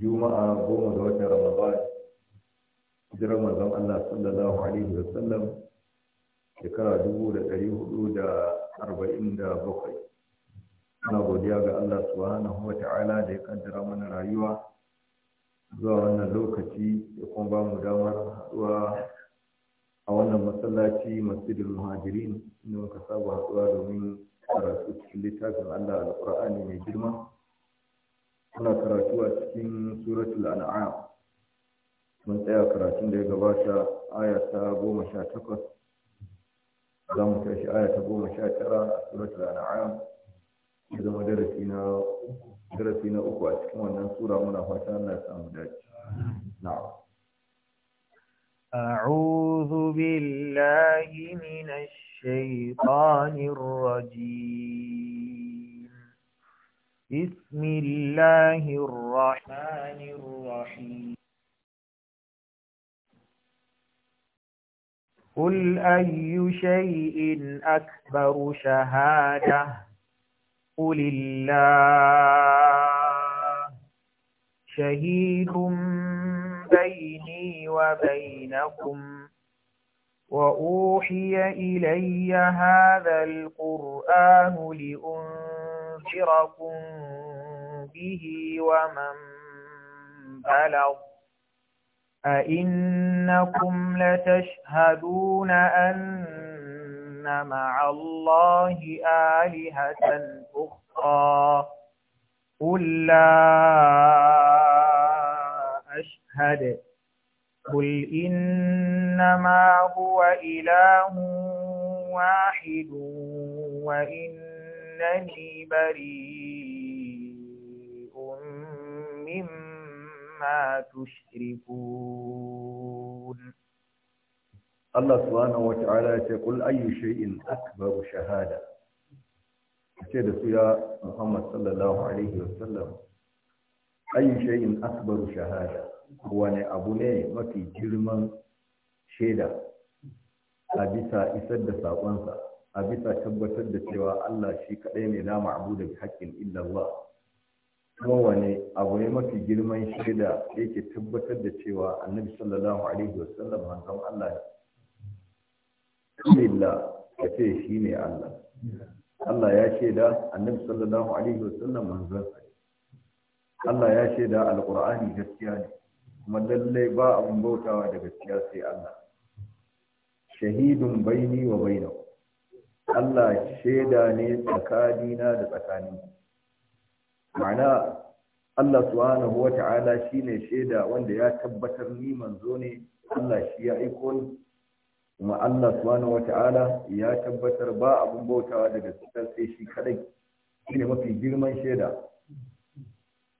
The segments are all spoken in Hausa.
juma'a goma ga watan ramadan jiran manzon Allah sallallahu alaihi wa sallam shekara dubu da ɗari hudu da arba'in da bakwai ana godiya ga Allah subhanahu wa ta'ala da ya kaddara mana rayuwa zuwa wannan lokaci ya kuma ba mu damar haɗuwa a wannan masallaci masjidul muhajirin inda muka saba haɗuwa domin karatu cikin littafin Allah alƙur'ani mai girma muna karatu a cikin suratul an'am mun tsaya karatun da ya gabata aya ta goma sha takwas za mu tashi aya ta goma sha tara a suratul an'am ya zama darasi na uku a cikin wannan sura muna fata na samu dace na'am أعوذ بالله من الشيطان الرجيم بسم الله الرحمن الرحيم قل أي شيء أكبر شهادة قل الله شهيد بيني وبينكم وأوحي إلي هذا القرآن لأنفسكم لننذركم به ومن بلغ أئنكم لتشهدون أن مع الله آلهة أخرى قل لا أشهد قل إنما هو إله واحد وإن إنني بريء مما تشركون الله سبحانه وتعالى يقول أي شيء أكبر شهادة كده يا محمد صلى الله عليه وسلم أي شيء أكبر شهادة wani abu ne mafi girman shaida a bisa isar da saƙonsa a bisa tabbatar da cewa Allah shi kaɗai ne na ma'abu da haƙƙin illallah kowane abu ne mafi girman shaida da yake tabbatar da cewa annabi sallallahu alaihi wasallam manzon Allah ne illa ya ce shi ne Allah Allah ya shaida annabi sallallahu alaihi wasallam manzon Allah ya shaida alqur'ani gaskiya ne kuma lallai ba abun bautawa da gaskiya sai Allah shahidun baini wa bainakum Allah shaida ne tsakanina da tsakanin ma'ana Allah subhanahu wata'ala shine shaida wanda ya tabbatar ni manzo ne Allah shi ya aiko ni kuma Allah subhanahu wata'ala ya tabbatar ba abun bautawa daga cikin sai shi kadai shine mafi girman shaida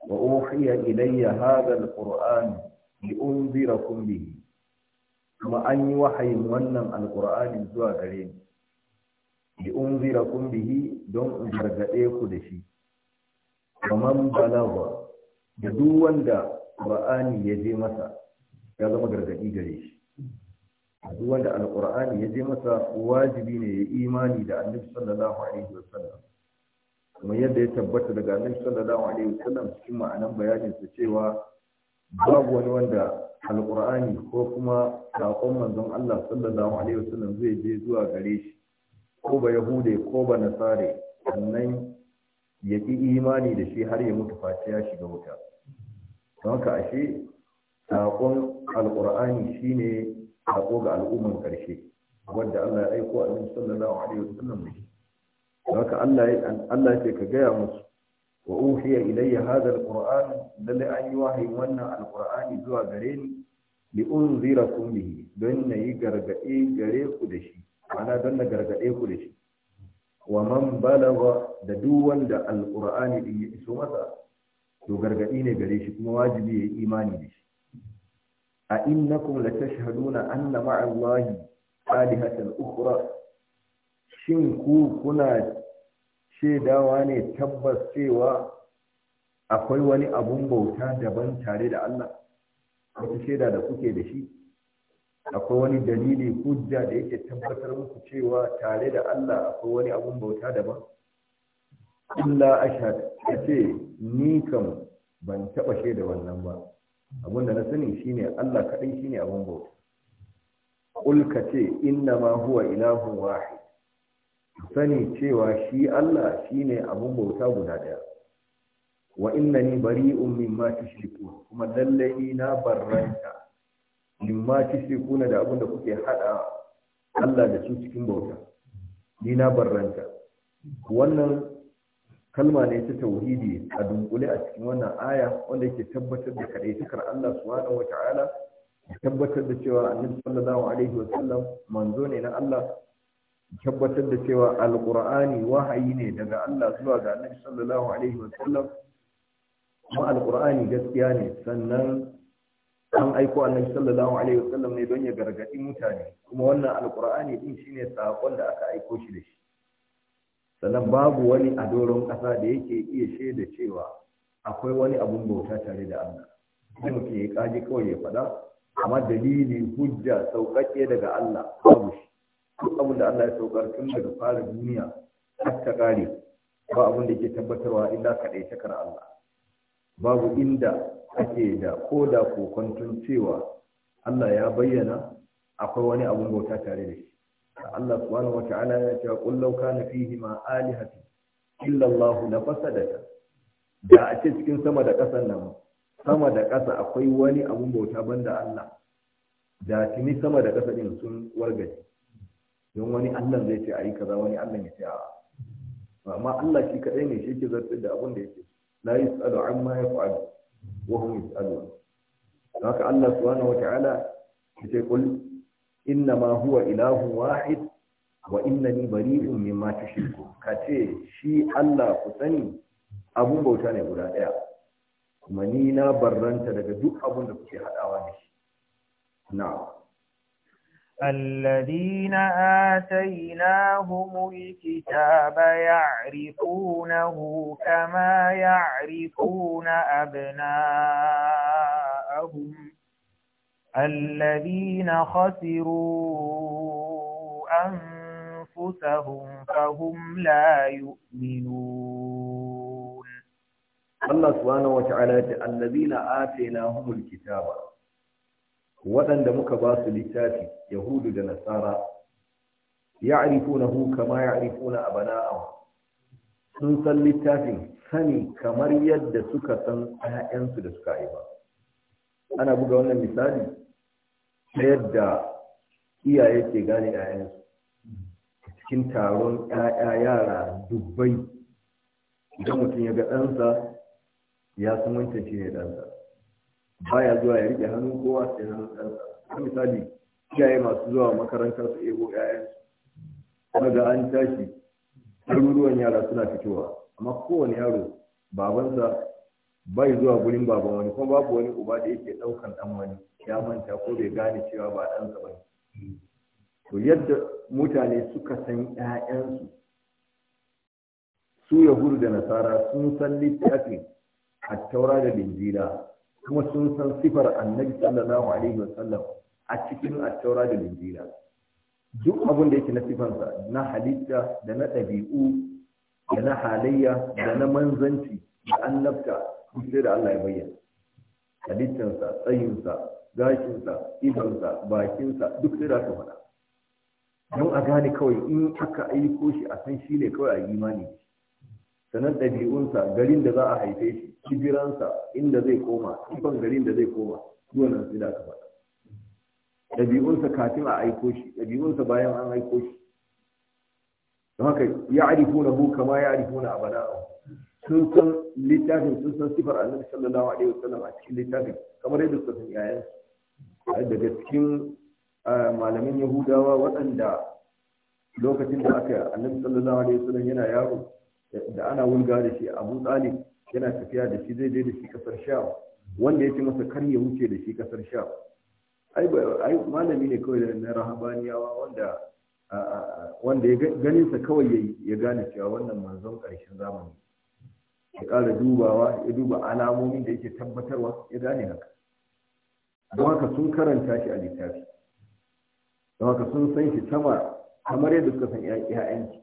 wa uhiya ilayya hadha alquran li unzirakum bihi kuma an yi wahayin wannan alqur'ani zuwa gare ni unzira kun bihi don in gargade ku da shi man balagha da duk wanda qur'ani ya je masa ya zama gargadi gare shi duk wanda alqur'ani ya je masa wajibi ne ya imani da annabi sallallahu alaihi wasallam kuma yadda ya tabbata daga annabi sallallahu alaihi wasallam cikin ma'anan bayanin sa cewa babu wani wanda alqur'ani ko kuma saƙon manzon Allah sallallahu alaihi wasallam zai je zuwa gare shi ko ba yahude ko ba nasare sannan ya ƙi imani da shi har ya mutu face ya shiga wuta don ka ashe saƙon alƙur'ani shine saƙo ga al'umman ƙarshe wadda Allah ya aiko annabi sallallahu alaihi wasallam da shi don ka Allah ce ka gaya musu wa uhiya ilayya hadha alquran lalle an yi wahayin wannan alqur'ani zuwa gare ni li unzirakum bihi don nayi gargaɗe gare ku da shi ma'ana don na gargaɗe ku da shi wa man balagha da duk wanda alqur'ani din ya iso masa to gargaɗi ne gare shi kuma wajibi ya yi imani da shi a innakum latashhaduna anna ma'a allahi alihatan ukhra shin ku kuna shaidawa ne tabbas cewa akwai wani abun bauta daban tare da Allah wata shaida da kuke da shi akwai wani dalili hujja da yake tabbatar muku cewa tare da Allah akwai wani abun bauta daban illa ashhad yace ni kam ban taba shaida wannan ba abun da na sani shine Allah kadai shine abun bauta qul kace inna ma huwa ilahu wahid sani cewa shi Allah shine abun bauta guda daya wa innani bari'un mimma tushrikun kuma lallai na barranta limma kuna da abin da kuke hada Allah da su cikin bauta ni na barranta wannan kalma ne ta tauhidi a dunkule a cikin wannan aya wanda yake tabbatar da kadaitakar Allah subhanahu wata'ala ya tabbatar da cewa annabi sallallahu alaihi wa sallam manzo ne na Allah tabbatar da cewa alqur'ani wahayi ne daga Allah zuwa ga annabi sallallahu alaihi wa sallam kuma alqur'ani gaskiya ne sannan an aiko annabi sallallahu alaihi wasallam ne don ya gargadi mutane kuma wannan alqur'ani din shine sakon da aka aiko shi da shi sannan babu wani a doron kasa da yake iya shaida cewa akwai wani abun bauta tare da Allah sai mutum ya kaji kawai ya faɗa amma dalili hujja sauƙaƙe daga Allah babu shi duk abin da Allah ya saukar tun daga fara duniya har ta ƙare ba abin da ke tabbatarwa illa kaɗai takar Allah babu inda ake da ko da kokon cewa Allah ya bayyana akwai wani abun bauta tare da shi Allah subhanahu wata'ala ya ce qul law kana fihi ma alihatu illa Allah la fasadata da a ce cikin sama da ƙasan nan sama da ƙasa akwai wani abun bauta banda Allah da tuni sama da ƙasa din sun wargaje don wani Allah zai ce ayi kaza wani Allah ya ce a amma Allah shi kadai ne shi ke zartar da abun da yake so la yus'alu amma yaf'al wa hum yus'alun haka Allah subhanahu wa ta'ala yace kul inna ma huwa ilahu wahid wa innani bari'un mimma tushriku kace shi Allah ku sani abun bauta ne guda ɗaya. kuma ni na barranta daga duk abun da kuke haɗawa da shi na'am الذين آتيناهم الكتاب يعرفونه كما يعرفون أبناءهم الذين خسروا أنفسهم فهم لا يؤمنون الله سبحانه وتعالى الذين آتيناهم الكتاب waɗanda muka ba su littafi yahudu da nasara ya ya'rifunahu kama a bana'awa. sun san littafin sani kamar yadda suka san 'ya'yansu da suka haifa ana buga wannan misali ta yadda iyaye ke gane ƴaƴansu cikin taron 'ya'ya yara dubbai idan mutum ya ga ɗansa ya san wancan shi ne ɗansa baya zuwa ya rike hannun kowa sai na ɗansa a misali iyaye masu zuwa makarantar su ego Kuma ga an tashi ɗaruruwan yara suna fitowa amma kowane yaro babansa bai zuwa gurin baban wani kuma babu wani uba da yake ɗaukan ɗan wani ya manta ko bai gane cewa ba ɗansa ba to yadda mutane suka san ƴaƴansu su yahudu da nasara sun san littafin a taura da binjira kuma sun san sifar annabi sallallahu alaihi wasallam a cikin attaura da linjira duk abin da yake na sifansa na halitta da na ɗabi'u da na halayya da na manzanci da annabta sai da Allah ya bayyana halittansa tsayinsa gashinsa ibansa, bakinsa duk sai da aka faɗa don a gane kawai in aka aiko shi a san shi ne kawai a imani sannan ɗabi'unsa garin da za a haife shi kibiransa inda zai koma sifan garin da zai koma wannan sai da aka faɗa ɗabi'unsa kafin a aiko shi ɗabi'unsa bayan an aiko shi don haka ya na bu kama ya arifuna a sun san littafin sun san sifar annabi sallallahu alaihi wasallam a cikin littafin kamar yadda suka san yayan daga cikin malamin yahudawa waɗanda lokacin da aka annabi sallallahu alaihi wasallam yana yaro da ana wulga da shi abu talib yana tafiya da shi zai je da shi kasar sham wanda ya ce masa kar ya wuce da shi kasar sham ai malami ne kawai na rahabaniyawa wanda wanda ya ganin sa kawai ya gane cewa wannan manzon ƙarshen zamani ya kara dubawa ya duba alamomin da yake tabbatarwa ya gane haka don haka sun karanta shi a littafi don haka sun san shi sama kamar yadda suka san 'ya'yanci.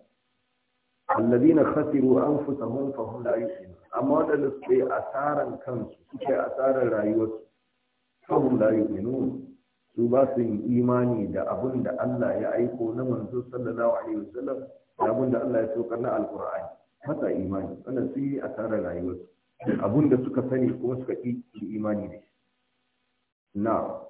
alladina khasiru anfusahum fa hum la yu'minun amma wadanda suke asaran kansu suke asaran rayuwarsu fa hum la yu'minun su ba su yin imani da abin da Allah ya aiko na manzo sallallahu alaihi wasallam da abin da Allah ya saukar na alqur'ani mata imani wannan su yi asaran rayuwarsu abin da suka sani kuma suka ki imani da shi na'am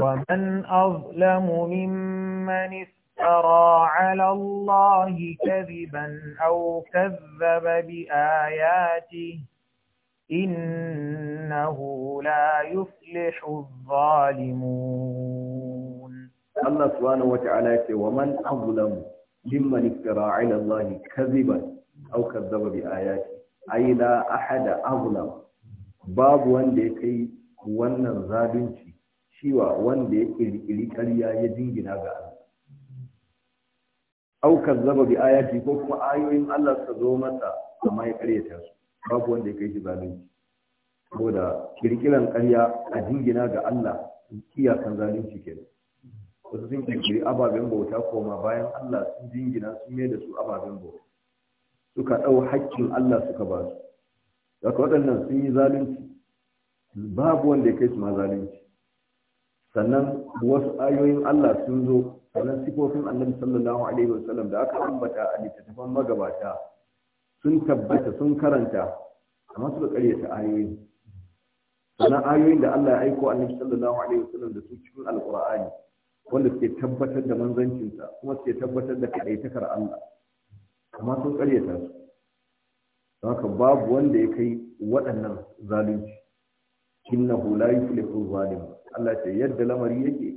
ومن أظلم ممن افترى على الله كذبا أو كذب بآياته إنه لا يفلح الظالمون الله سبحانه وتعالى ومن أظلم ممن افترى على الله كذبا أو كذب بآياته أي لا أحد أظلم باب وان ديكي wannan zalunci cewa wanda ya kirkiri ƙarya ya jingina ga aukar zaba bi ayati ko kuma ayoyin Allah su zo masa amma ya karyata su babu wanda ya kai shi zalunci saboda kirkiran karya a jingina ga Allah kan zalunci kenan wasu sun kirkiri ababen bauta koma bayan Allah sun jingina sun mai da su ababen bauta suka ɗau haƙƙin Allah suka ba su daga waɗannan sun yi zalunci babu wanda ya kai su ma zalunci sannan wasu ayoyin Allah sun zo sannan sifofin annabi sallallahu alaihi sallam da aka ambata a littattafan magabata sun tabbata sun karanta amma suka karyata ayoyin sannan ayoyin da Allah ya aiko annabi sallallahu alaihi sallam da su cikin alqur'ani wanda suke tabbatar da manzancinsa kuma suke tabbatar da kadaitakar Allah amma sun karyata su don haka babu wanda ya kai waɗannan zalunci innahu la yuflihu zalim Allah ce yadda lamari yake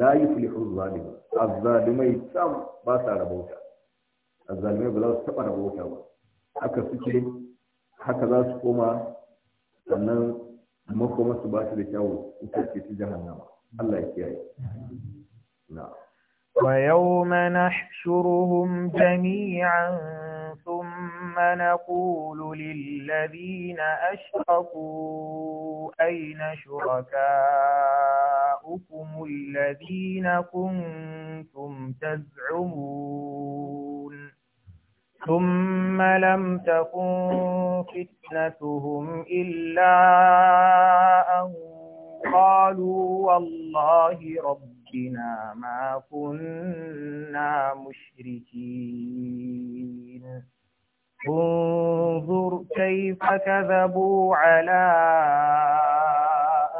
la yuflihu zalim azzalumai sam ba sa rabauta azzalumai ba za su taɓa rabauta ba haka suke haka za su koma sannan makoma su ba su da kyawu ita ce ta jahannama Allah ya kiyaye na ويوم نحشرهم جميعا ثم نقول للذين أشركوا أين شركاؤكم الذين كنتم أنتم تزعمون ثم لم تكن فتنتهم إلا أن قالوا والله ربنا ما كنا مشركين انظر كيف كذبوا على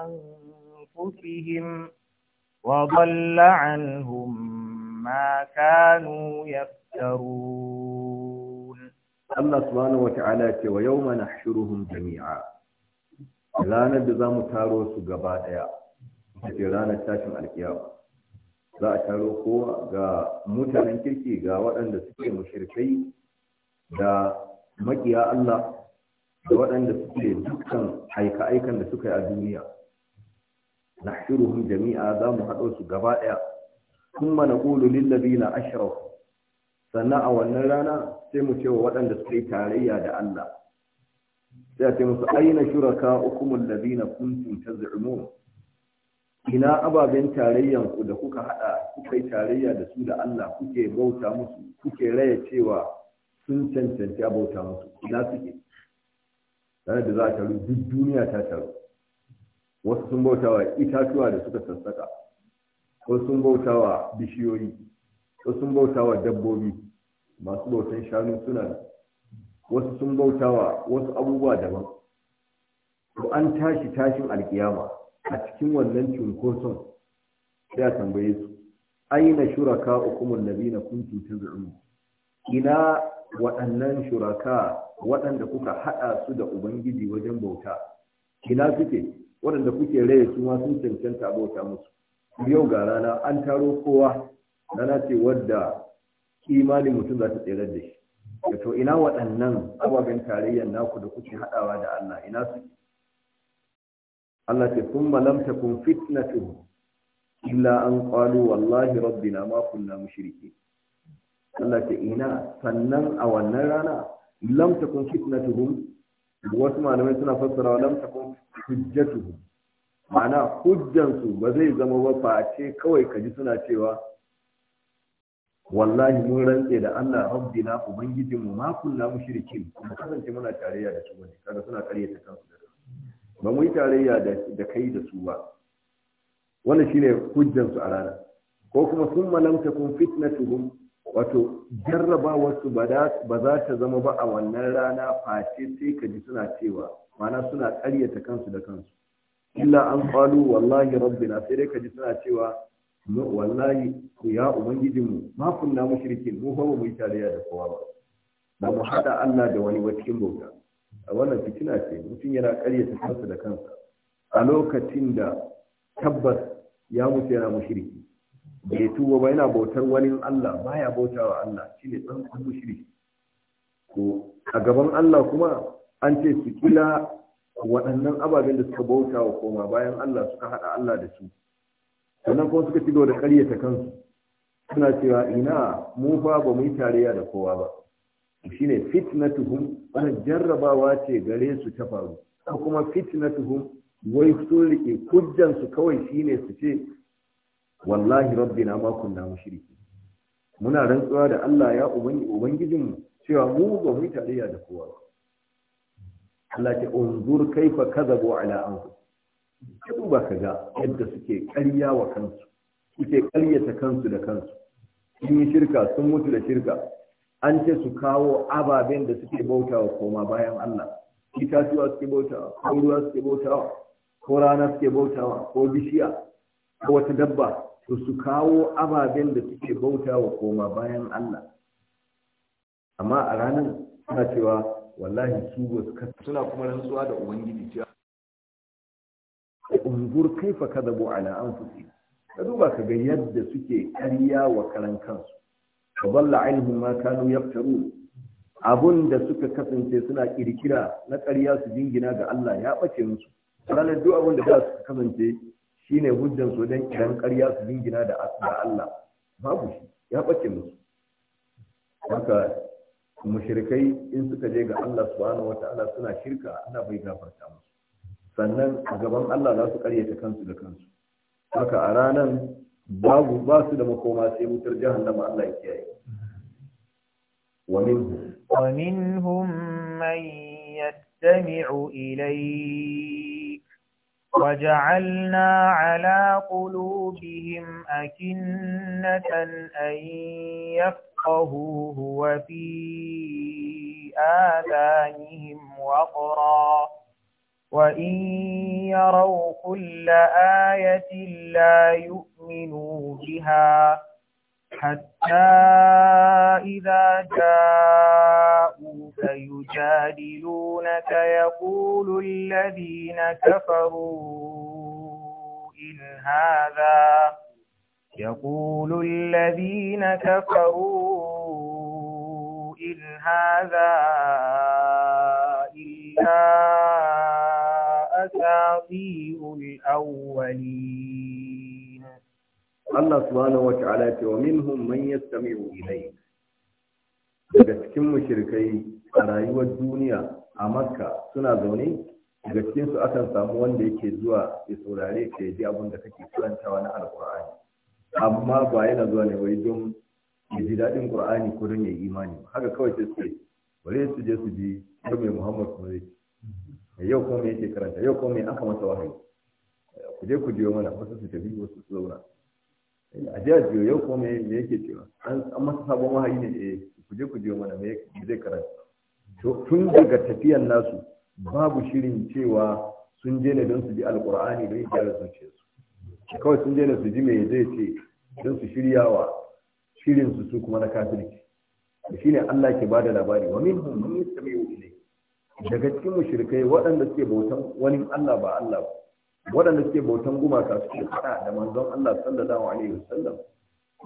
أنفسهم وضل عنهم ما كانوا يفترون الله سبحانه وتعالى ويوم نحشرهم جميعا ranar da za mu taro su gaba ɗaya ita ce ranar tashin alkiyama za a taro kowa ga mutanen kirki ga waɗanda suke mushirkai da makiya Allah da waɗanda suke dukkan aika-aikan da suka yi a duniya nahshuruhum jami'a za mu haɗo su gaba ɗaya Kun mana ƙulu Labina ashraf sannan a wannan rana sai mu ce wa waɗanda suka yi tarayya da Allah sai a ce musu aina shuraka ukumul ladina kuntum taz'umun ina ababen tarayyan ku da kuka hada kuka yi tarayya da su da Allah kuke bauta musu kuke raya cewa sun cancanta bauta musu ina suke sai da za ta duk duniya ta taru wasu sun bautawa itatuwa da suka sassaka wasu sun bautawa bishiyoyi wasu sun bautawa dabbobi masu bautan shanu suna wasu sun bautawa wasu abubuwa daban to an tashi tashin alkiyama a cikin wannan cunkoson sai a tambaye su aina shuraka ukumul labina kuntum tad'un ina waɗannan shuraka waɗanda kuka haɗa su da ubangiji wajen bauta ina suke waɗanda kuke raye su ma sun cancanta abota musu yau ga rana an taro kowa rana ce wadda kimanin mutum za ta tsere da shi to ina waɗannan ababen tarayyar naku da kuke haɗawa da Allah ina su Allah ce kun malamta kun fitnatu illa an qalu wallahi rabbina ma kunna mushriki Allah ce ina sannan a wannan rana lam takun fitnatuhum wasu malamai suna fassara lam takun hujjatu ma'ana hujjansu ba zai zama ba face kawai ka ji suna cewa wallahi mun rantse da Allah rabbina mu ma kunna mushrikin kuma kasance muna tarayya da su wani kada suna karyata kansu da ba mu yi tarayya da kai da su ba wannan shine hujjansu a rana ko kuma sun malamta kun fitnatuhum wato wasu ba za ta zama ba a wannan rana face sai ka ji suna cewa Mana suna ƙaryata kansu da kansu illa an qalu wallahi rabbina sai dai ka ji suna cewa wallahi ku ya mu ma kunna mushrikin mu fa mu yi tarayya da kowa ba ba mu hada Allah da wani ba cikin bauta a wannan fitina ce mutum yana ƙaryata kansu da kansa a lokacin da tabbas ya mutu yana mushriki bai tuba ba yana bautar wani Allah baya bautawa Allah shine dan mushriki ko a gaban Allah kuma an ce su kila waɗannan ababen da suka bauta wa koma bayan Allah suka haɗa Allah da su sannan kuma suka ci da ƙaryata kansu suna cewa ina mu fa ba mu yi tarayya da kowa ba shine fitnatuhum Wani jarrabawa ce gare su ta faru ko kuma fitnatuhum wai sun rike hujjan su kawai shine su ce wallahi rabbina ma kunna mushriki muna rantsuwa da Allah ya ubangijinmu cewa mu ba mu yi tarayya da kowa ba Allah ta unzur kaifa kadhabu ala anfus ka duba ka ga yadda suke ƙarya wa kansu suke ƙaryata kansu da kansu sun yi shirka sun mutu da shirka an ce su kawo ababen da suke bautawa koma bayan Allah itatuwa suke bautawa ko ruwa suke bautawa ko rana suke bautawa ko bishiya ko wata dabba to su kawo ababen da suke bautawa koma bayan Allah amma a ranar suna cewa wallahi su wasu suna kuma rantsuwa da ubangiji cewa unzur kaifa kadabu ala anfusihim ka duba ka ga yadda suke karya wa karan kansu ka balla ainihin ma kanu yaftaru abun da suka kasance suna kirkira na karya su jingina ga Allah ya ɓace musu ranar duk abin da za su kasance shine hujjan su don kiran ƙarya su jingina da Allah babu shi ya ɓace musu haka mushrikai in suka je ga Allah subhanahu Ta'ala, suna shirka Allah bai gafarta musu sannan a gaban Allah za su karyata kansu da kansu haka a ranan babu ba su da makoma sai wutar jahannama Allah ya kiyaye wa minhum wa minhum man وجعلنا على قلوبهم أكنة أن يفقه هو في آذانهم وقرا وإن يروا كل آية لا يؤمنوا بها حتى إذا جاءوك يجادلونك يقول الذين كفروا إن هذا يقول الذين كفروا إن هذا إلا أساطير الأولين الله سبحانه وتعالى ومنهم من يستمع إليك daga cikin a rayuwar duniya a makka suna zaune daga cikinsu akan samu wanda yake zuwa ya saurare ka ya ji abin da kake karantawa na alkur'ani amma ba yana zuwa ne wai don ya ji daɗin ƙur'ani ko don ya yi imani haka kawai sai su bari su je su bi har mai muhammad kuma zai yau kuma me yake karanta yau kuma me aka masa wahayi ku je ku biyo mana wasu su tafi wasu su zauna eh, a je a biyo yau kuma me yake cewa an masa sabon wahayi ne eh ku je ku biyo mana me zai karanta to tun daga tafiyan nasu babu shirin cewa sun je ne don su bi alƙur'ani don ya gyara zuciyarsu kawai sun daina su ji mai zai ce don su shirya wa shirin su su kuma na kafirci shi ne Allah ke ba da labari wa min hum man yastami'u ilayk daga cikin mushrikai waɗanda suke bautan wani Allah ba Allah ba waɗanda suke bautan gumaka suke faɗa da manzon Allah sallallahu alaihi wasallam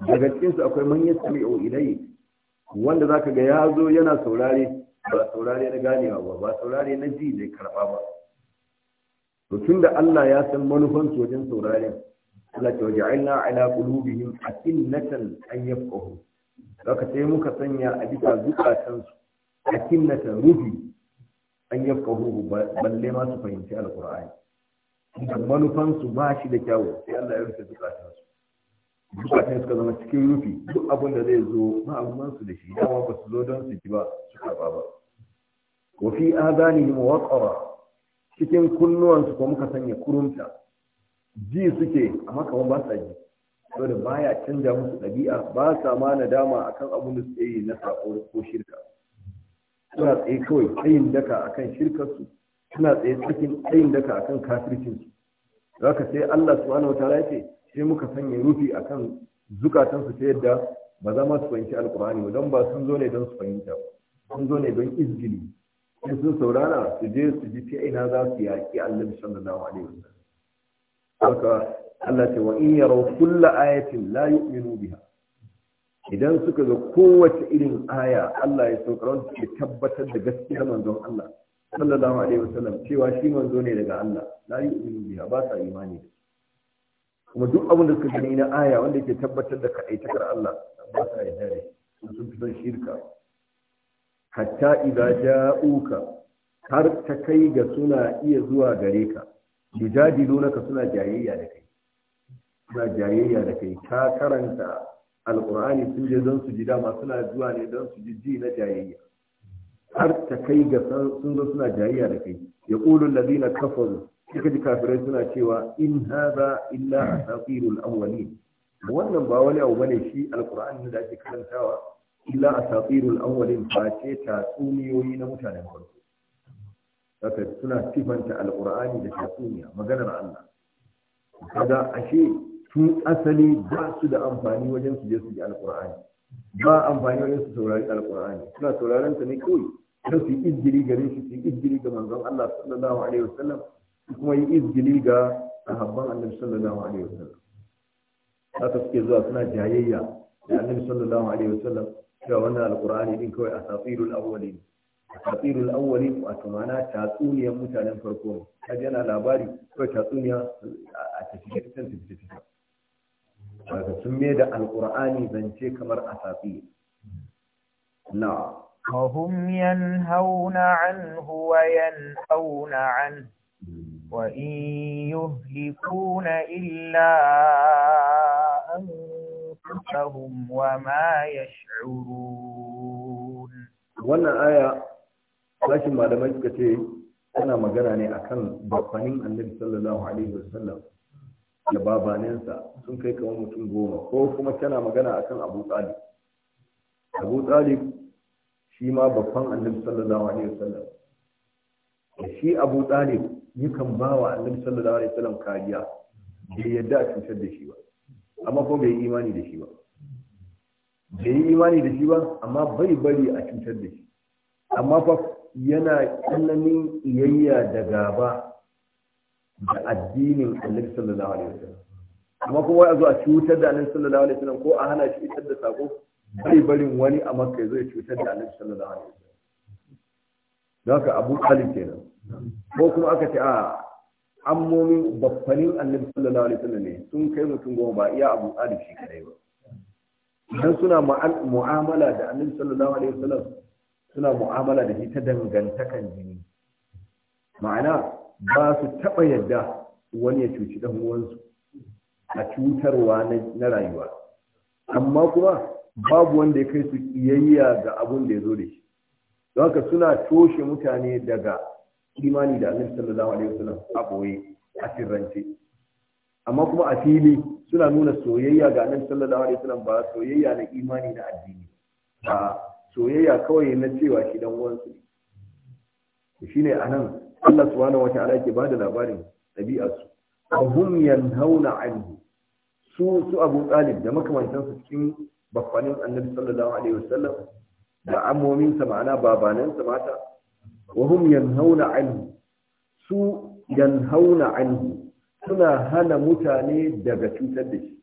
daga cikin su akwai man yastami'u ilayk wanda zaka ga ya zo yana saurare ba saurare na ganewa ba ba saurare na ji zai karɓa ba to tunda Allah ya san manufansu wajen sauraren Allah ta waja'alna ala qulubihim akinnatan an yafqahu haka sai muka sanya a bisa zukatan su akinnatan rufi an yafqahu balle ma su fahimci alqur'ani idan manufan su ba shi da kyau sai Allah ya rufe zukatan su zukatan suka zama cikin rufi duk abin da zai zo ba abun su da shi dama ba su zo don su ji ba su karba ba wa fi adanihim waqara cikin kunnuwansu ko muka sanya kurumta ji suke amma kamar ba sa ji saboda baya canja musu ɗabi'a ba sa ma nadama akan abin da suke yi na sako ko shirka suna tsaye kawai tsayin daka akan shirkarsu suna tsaye tsakin tsayin daka akan su zaka sai Allah subhanahu wataala ya ce sai muka sanya rufi akan su ta yadda ba za ma su fahimci alkur'ani ba don ba sun zo ne don su fahimta ba sun zo ne don izgili in sun saurara su je su ji ta ina za su yaƙi annabi sallallahu alaihi wasallam haka Allah ce wa in yaraw kulla ayatin la yu'minu biha idan suka ga kowace irin aya Allah ya saukar da tabbatar da gaskiyar manzon Allah sallallahu alaihi wasallam cewa shi manzo ne daga Allah la yu'minu biha ba sa imani kuma duk abin da suka gani na aya wanda ke tabbatar da kaɗaitakar Allah ba sa yarda da sun fi son shirka hatta idza ja'uka har ta kai ga suna iya zuwa gare ka yujadilunaka suna jayayya da kai suna jayayya da kai ka karanta alqur'ani sun je don su ji dama suna zuwa ne don su ji ji na jayayya har ta kai ga sun zo suna jayayya da kai ya na ladina kafaru suka ji kafirai suna cewa in hadha illa asatirul awwalin wannan ba wani abu bane shi alqur'ani da ake karantawa illa asatirul awwalin face tatsuniyoyi na mutanen farko haka suna sifanta alqur'ani da tatsuniya maganar Allah kaga ashe tun asali ba su da amfani wajen su je su ji alqur'ani ba amfani wajen su saurari alqur'ani suna sauraron ta ne kawai don su yi izgili gare shi su yi izgili ga manzon Allah sallallahu alaihi wasallam kuma yi izgili ga sahabban annabi sallallahu alaihi wasallam haka suke zuwa suna jayayya da annabi sallallahu alaihi wasallam cewa wannan alqur'ani din kawai asatirul awwalin tafirul awwali wato mana tatsuniyar mutanen farko ne ta labari kawai tatsuniya a tafi ta san tafi alqur'ani zance kamar a tafi na wa hum yanhauna anhu wa yanhauna an wa in yuhlikuna wa ma yash'urun wannan aya sashin malamai suka ce suna magana ne akan bakwanin annabi sallallahu alaihi wasallam da babanensa sun kai kamar mutum goma ko kuma tana magana akan abu tsali abu tsali shi ma babban annabi sallallahu alaihi wasallam shi abu talib yakan ba wa annabi sallallahu alaihi wasallam kariya bai yadda a cutar da shi ba amma ko bai yi imani da shi ba bai yi imani da shi ba amma bai bari a cutar da shi amma fa yana tsananin iyayya da gaba da addinin Allah sallallahu alaihi wasallam amma kuma a zo a cutar da Allah sallallahu alaihi wasallam ko a hana shi cutar da sako bai barin wani a makka zai cutar da Allah sallallahu alaihi wasallam don haka abu talib kenan ko kuma aka ce a ammomin baffanin Allah sallallahu alaihi wasallam ne sun kai mutum goma ba iya abu talib shi kadai ba dan suna mu'amala da Allah sallallahu alaihi wasallam suna mu'amala da shi ta dangantakan jini ma'ana ba su taɓa yadda wani ya cuci ɗan uwansu a cutarwa na rayuwa amma kuma babu wanda ya kai su kiyayya ga abun da ya zo da shi don haka suna toshe mutane daga imani da annabi sallallahu alaihi wasallam a boye a tirance amma kuma a fili suna nuna soyayya ga annabi sallallahu alaihi wasallam ba soyayya na imani na addini ba soyayya kawai na cewa shi dan uwansu ne a nan. Allah subhanahu wataala yake bada labarin ɗabi'arsu hum yanhauna anhu su su Abu Talib da makamantansu cikin bakwanin Annabi sallallahu alaihi wasallam da amomin sa ma'ana babanan sa mata wa hum yanhauna anhu su yanhauna anhu suna hana mutane daga cutar da shi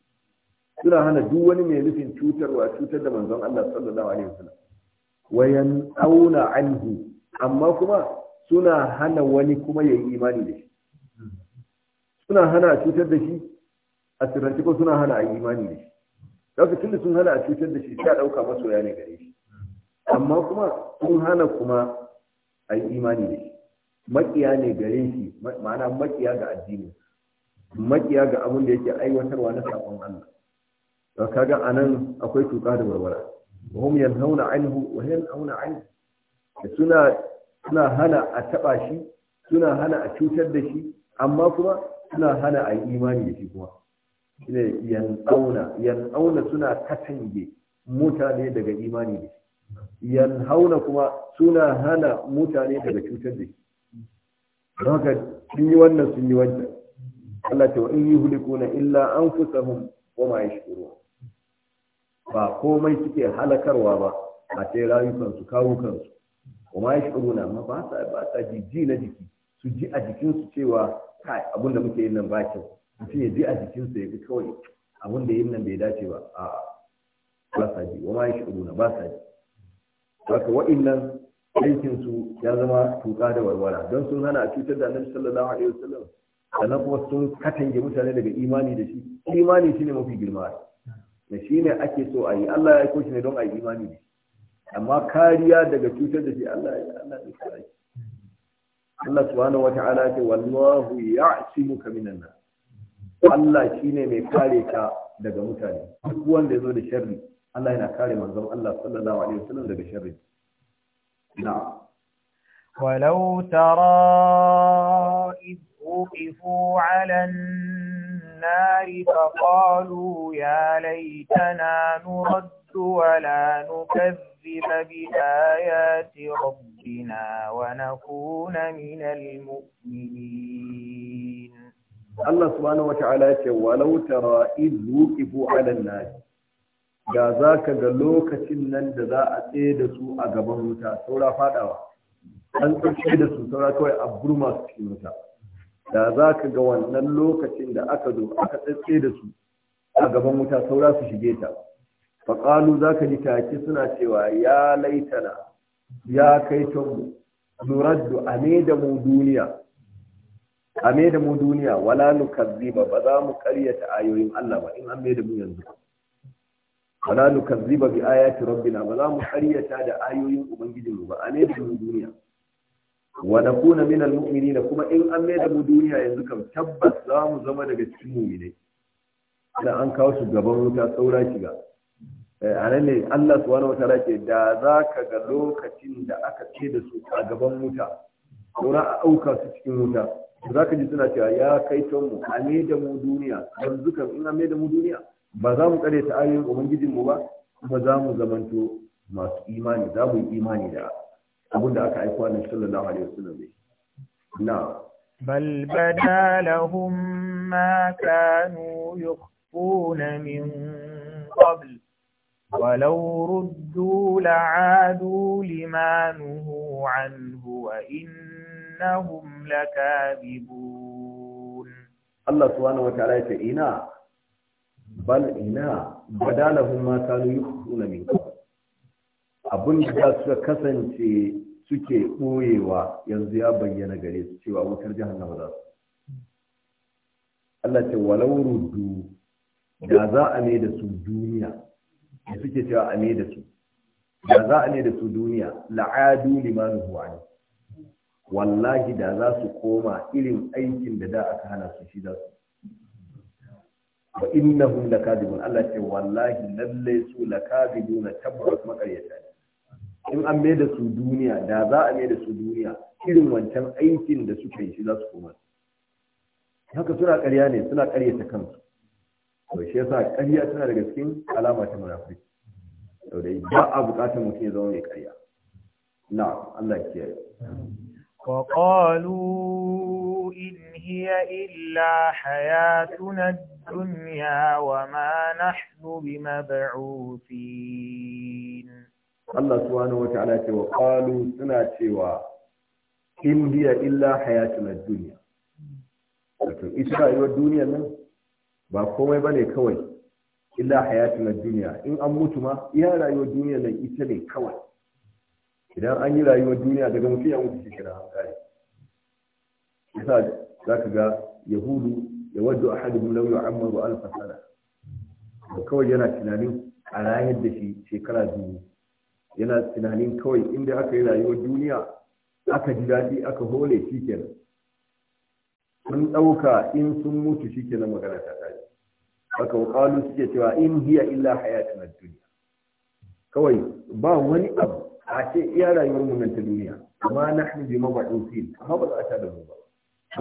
suna hana duk wani mai nufin cutarwa cutar da manzon Allah sallallahu alaihi wasallam wayan auna anhu amma kuma suna hana wani kuma ya yi imani da shi suna hana a cutar da shi a sirrance ko suna hana a yi imani da shi za su tunda sun hana a cutar da shi sai a ɗauka masoya ne gare shi amma kuma sun hana kuma a yi imani da shi makiya ne gare shi ma'ana makiya ga addini Maƙiya ga abin da yake aiwatarwa na sakon Allah kaga anan akwai tuka da warwara وهم ينهون عنه وينهون عنه suna hana a taɓa shi suna hana a cutar da shi amma kuma suna hana a yi imani da shi kuma shine yanzauna yanzauna suna katange mutane daga imani da shi yanhauna kuma suna hana mutane daga cutar da shi don haka sun yi wannan sun yi wancan Allah ta wa in yuhlikuna illa anfusahum wa ma yashkurun ba komai suke halakarwa ba a sai rayukansu kawo kansu kuma ya shiga gona amma ba sa ba ji na jiki su ji a jikinsu cewa kai abin da muke yin nan ba kyau mutum ya ji a jikinsu ya bi kawai abin da yin nan bai dace ba a ba sa ji kuma ya shiga gona ba sa ji haka wa'innan aikinsu ya zama tuka da warwara don sun hana cutar da annabi sallallahu alaihi wasallam sannan kuma sun katange mutane daga imani da shi imani shine mafi girma da shi ne ake so a yi Allah ya aiko shi ne don a yi imani ne amma kariya daga cutar da shi Allah ya Allah ya kare Allah subhanahu wata'ala ce wallahu ya'simuka minan nas Allah shine mai kare ka daga mutane duk wanda ya zo da sharri Allah yana kare manzon Allah sallallahu alaihi wasallam daga sharri na'am ولو ترى إذ وقفوا النار فقالوا يا ليتنا نرد ولا نكذب بآيات ربنا ونكون من المؤمنين الله سبحانه وتعالى ولو ترى إذ وقفوا على النار ga za ka ga lokacin nan da za a tsaye da su a gaban wuta saura fadawa an tsaye da su saura kawai a burma su cikin wuta da za ka ga wannan lokacin da aka zo aka tsatse da su a gaban wuta saura su shige ta faƙalu za ka ji taki suna cewa ya laitana ya kai mu nuraddu a me da mu duniya a me da mu duniya wala nukazziba ba za mu karyata ayoyin Allah ba in an me da mu yanzu wala nukazziba bi ayati rabbina ba za mu karyata da ayoyin ubangijinmu ba a me da mu duniya wa minal min almu'minin kuma in an mai mu duniya yanzu kam tabbas za mu zama daga cikin mu'minai da an kawo su gaban wuta saura shiga eh, a nan ne Allah subhanahu Ta'ala ke da za ka ga lokacin da aka ce da su a gaban wuta saura a auka su cikin wuta za ka ji suna cewa ya kai mu a mai mu duniya yanzu kam in an mai mu duniya ba za mu kare ta ayoyin ubangijinmu ba kuma za mu zamanto masu imani za mu yi imani da abin da aka aiko annabi sallallahu alaihi wasallam ne na bal bada lahum ma kanu yukhfuna min qabl ولو ردوا لعادوا لما نهوا عنه وإنهم لكاذبون الله سبحانه وتعالى إنا بل إنا بدا لهم ما كانوا يخفون منكم abin da za kasance suke ɓoyewa yanzu ya bayyana gare su cewa wutar jihar za su Allah ce walau ruddu da za a ne da su duniya da suke cewa a ne da su da za a ne da su duniya la'adu limanu ne wallahi da za su koma irin aikin da da aka hana su shi za su wa innahum lakadibun Allah ce wallahi lallai su na tabbas makaryata ne in an mai da su duniya da za a mai da su duniya irin wancan aikin da suka yi shi za su koma haka suna ƙarya ne suna ta kansu to shi yasa ƙarya tana daga cikin alama ta munafiki saboda ba a buƙatar mutum ya zama mai ƙarya na Allah ya kiyaye وقالوا إن هي إلا حياتنا الدنيا وما نحن بمبعوثين Allah subhanahu ta'ala ce wa qalu suna cewa in hiya illa hayatul dunya to ita rayuwar duniyar nan ba komai bane kawai illa hayatul dunya in an mutu ma iya rayuwar duniyar nan ita ne kawai idan an yi rayuwar duniya daga mutum ya mutu shi kira hankali yasa zaka ga yahudu ya waddu ahaduhum law yu'ammaru alf sana kawai yana tunanin a rayar da shi shekara dubu yana tunanin kawai inda aka yi rayuwar duniya aka ji daɗi aka hole shi kenan sun ɗauka in sun mutu shi kenan magana ta tashi haka wakalu suke cewa in hiya illa hayatun duniya kawai ba wani abu a ce iya rayuwar mu nan ta duniya amma na hanji mabaɗin fil amma ba za a da mu ba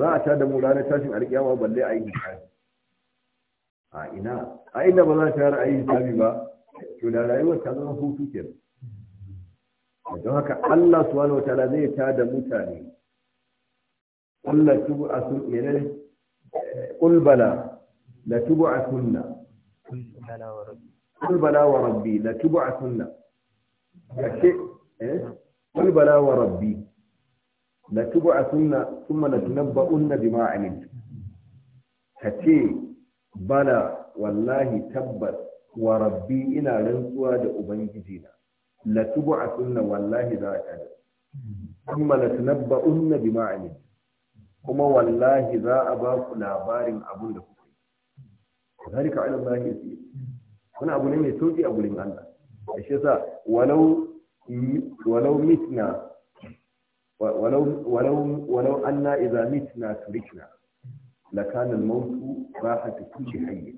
za a ta da mu ranar tashin alƙiyama balle a yi hisabi a ina a inda ba za a yi hisabi ba to da rayuwar ta zama hutu kenan don haka Allah su wani wata zai ta da mutane Allah tubu a sun ne kulbala la tubu a sunna kulbala wa rabbi la tubu a sunna gashe eh kulbala wa rabbi la tubu a sunna thumma la tunabba'unna bima Ka ce, bala wallahi tabbas wa rabbi ina rantsuwa da ubangiji na la tubu a sunna wallahi za a kada kuma la tunabba unna bi kuma wallahi za a ba ku labarin abun da kuka yi zalika ala Allah ya ce wani abu ne mai sauki a gurin Allah لكان الموت راحة كل حي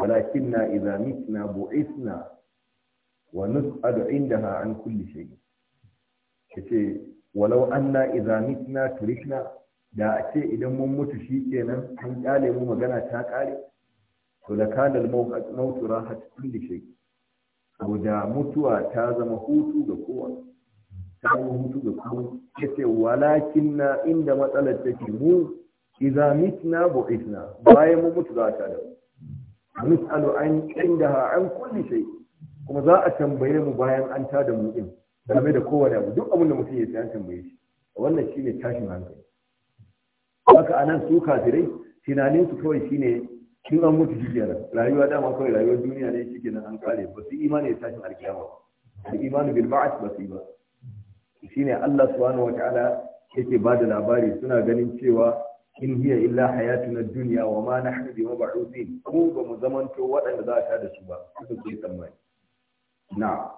ولكننا إذا متنا بعثنا wa nus'alu indaha an kulli shay yace walau anna idza mitna turikna da a ce idan mun mutu shi kenan an kyale mu magana ta kare to la kana al mawt rahat kulli shay to da mutuwa ta zama hutu ga kowa ta zama hutu ga kowa yace walakin na inda matsalar take mu idza mitna bu'ithna bayan mu mutu za ta da nus'alu an indaha an kulli shay kuma za a tambaye mu bayan an ta tada mu din game da kowane abu duk abin da mutum ya sai an tambaye shi wannan shine tashin hankali haka anan su kafirai tunanin su kawai shine kin an mutu jiya da? rayuwa dama kawai rayuwar duniya ne shi kenan an kare ba su imani da tashin alkiyama ba su imani bil ba'at ba su ba shine Allah subhanahu wataala yake ba da labari suna ganin cewa in hiya illa hayatuna dunya wa ma nahnu bi mab'uthin ko ba mu zamanto waɗanda za a ta da su ba suka yi tsammani نعم